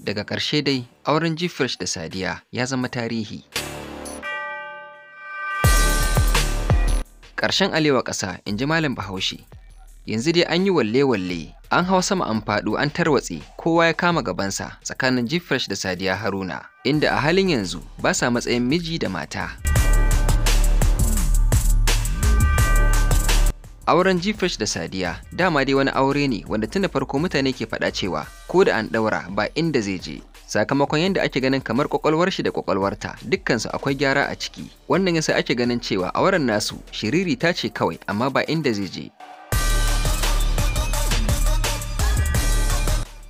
Daga ƙarshe dai, auren Jifresh da Sadiya ya zama tarihi. Ƙarshen alewa ƙasa, in ji Malam Bahaushe. Yanzu dai an yi walle-walle, an hau sama an faɗo an tarwatse, kowa ya kama gabansa tsakanin Jifresh da Sadiya Haruna, inda a halin yanzu ba sa matsayin miji da mata. Auren Jifish da Sadiya dama dai wani aure ne wanda tun da farko mutane ke faɗa cewa ko da an ɗaura ba inda zai je. Sakamakon yadda ake ganin kamar kwakwalwar shi da kwakwalwarta dukkansu akwai gyara a ciki. Wannan yasa ake ganin cewa auren nasu shiriri ta ce kawai amma ba inda zai je.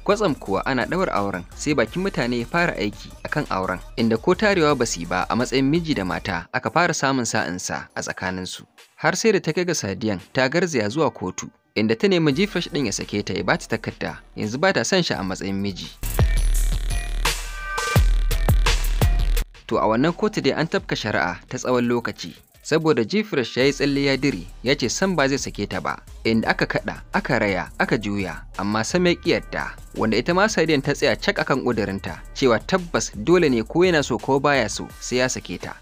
Kwatsam kuwa ana ɗaura auren sai bakin mutane ya fara aiki akan auren inda ko tarewa ba su ba a matsayin miji da mata aka fara samun sa'insa a tsakaninsu. har sai da ta kai ga sadiyan ta garzaya zuwa kotu inda ta nemi jifresh ɗin ya sake ta ya bata takarda yanzu ba ta son shi a matsayin miji to a wannan kotu dai an tafka shari'a ta tsawon lokaci saboda jifresh ya yi tsalle ya diri ya ce san ba zai sake ta ba inda aka kada aka raya aka juya amma sam ya kiyarta wanda ita ma sadiyan ta tsaya cak akan ƙudurinta cewa tabbas dole ne ko yana so ko baya so sai ya sake ta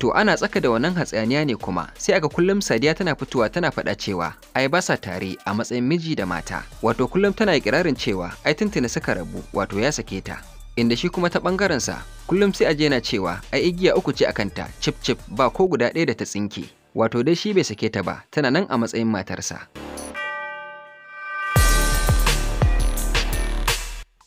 To ana tsaka da wannan hatsaniya ne kuma sai aka kullum Sadiya tana fitowa tana faɗa cewa ai ba sa tare a matsayin miji da mata. Wato kullum tana ikirarin cewa ai tuntuna suka rabu wato ya sake ta. Inda shi kuma ta bangaren sa kullum sai aje yana cewa ai igiya uku ce akan ta chip ba ko guda ɗaya da ta tsinke. Wato dai shi bai sake ta ba tana nan a matsayin matarsa.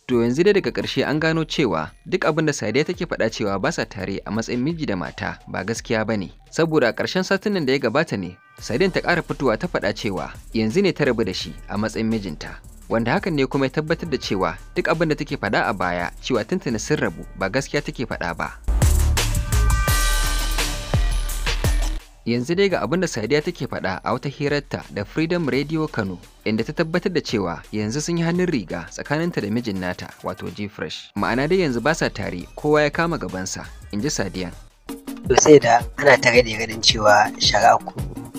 To yanzu dai daga ƙarshe an gano cewa duk abin da Sadiya take faɗa cewa ba sa tare a matsayin miji da mata ba gaskiya ba ne. Saboda a ƙarshen satin da ya gabata ne, Sadiyan ta ƙara fitowa ta faɗa cewa yanzu ne ta rabu da shi a matsayin mijinta. Wanda hakan ne kuma ya tabbatar da cewa duk abin da take faɗa a baya cewa tuntuni sun rabu ba gaskiya take faɗa ba. yanzu dai ga abin da sadiya take faɗa a wata hirarta da freedom radio kano inda ta tabbatar da cewa yanzu sun yi hannun riga tsakaninta da mijin nata wato g-fresh ma'ana dai yanzu ba sa tare kowa ya kama gabansa in ji Sadiya. to sai da ana tare da ganin cewa sharaku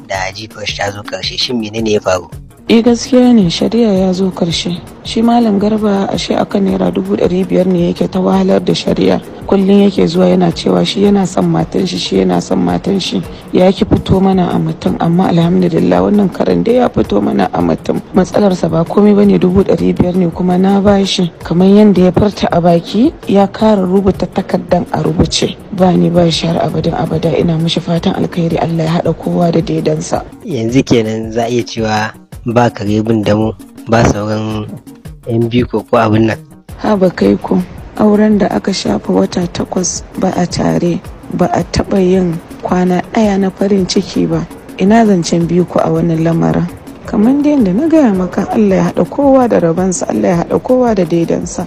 da g-fresh ta zo karshe shin menene ya faru E, gaskiya ne shari'a ya zo karshe shi malam garba ashe akan naira dubu ɗari biyar ne yake ta wahalar da shari'a kullum yake zuwa yana cewa shi yana son matan shi shi yana son matan shi ya ki fito mana a mutum amma alhamdulillah wannan karan dai ya fito mana a mutum matsalarsa ba komai ba ne dubu ɗari biyar ne kuma na bashi kamar yadda ya farta a baki ya kara rubuta takardan a rubuce ba ni ba har abadan abada ina mishi fatan alkhairi Allah ya haɗa kowa da daidansa yanzu kenan za a iya cewa ba karebin da mu ba sauran yan biyu ko ko abin nan haba kai ku auren da aka shafa wata takwas ba a tare ba a taɓa yin kwana ɗaya na farin ciki ba ina zancen biyu ku a wannan lamarin kamar da na gaya maka allah ya haɗa kowa da rabansa allah ya haɗa kowa da daidansa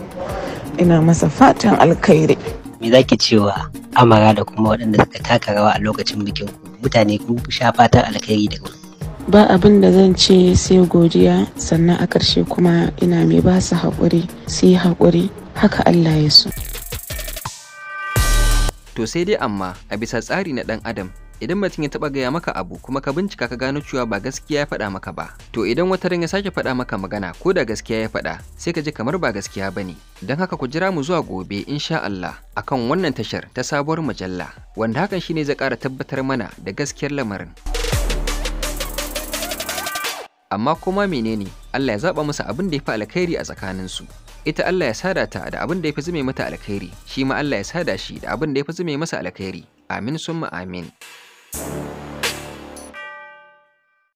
ina masa fatan alkhairi me zaki cewa amara da kuma waɗanda suka taka rawa a lokacin bikin ku mutane kun sha fatan alkhairi daga ba abin da zan ce sai godiya sannan a ƙarshe kuma ina mai ba su haƙuri su yi haƙuri haka allah ya so to sai dai amma a bisa tsari na ɗan adam idan mutum ya taɓa gaya maka abu kuma ka bincika ka gano cewa ba gaskiya ya faɗa maka ba to idan wata ran ya sake faɗa maka magana ko da gaskiya ya faɗa sai ka ji kamar ba gaskiya ba ne, don haka ku jira mu zuwa gobe insha Allah akan wannan tashar ta sabuwar mujalla wanda hakan shine zai ƙara tabbatar mana da gaskiyar lamarin amma koma menene Allah ya zaba musu abin da ya fi alkhairi a tsakanin su ita Allah ya sada ta da abin da ya fi zume mata alkhairi shi ma Allah ya sada shi da abin da ya fi zume masa alkhairi amin summa amin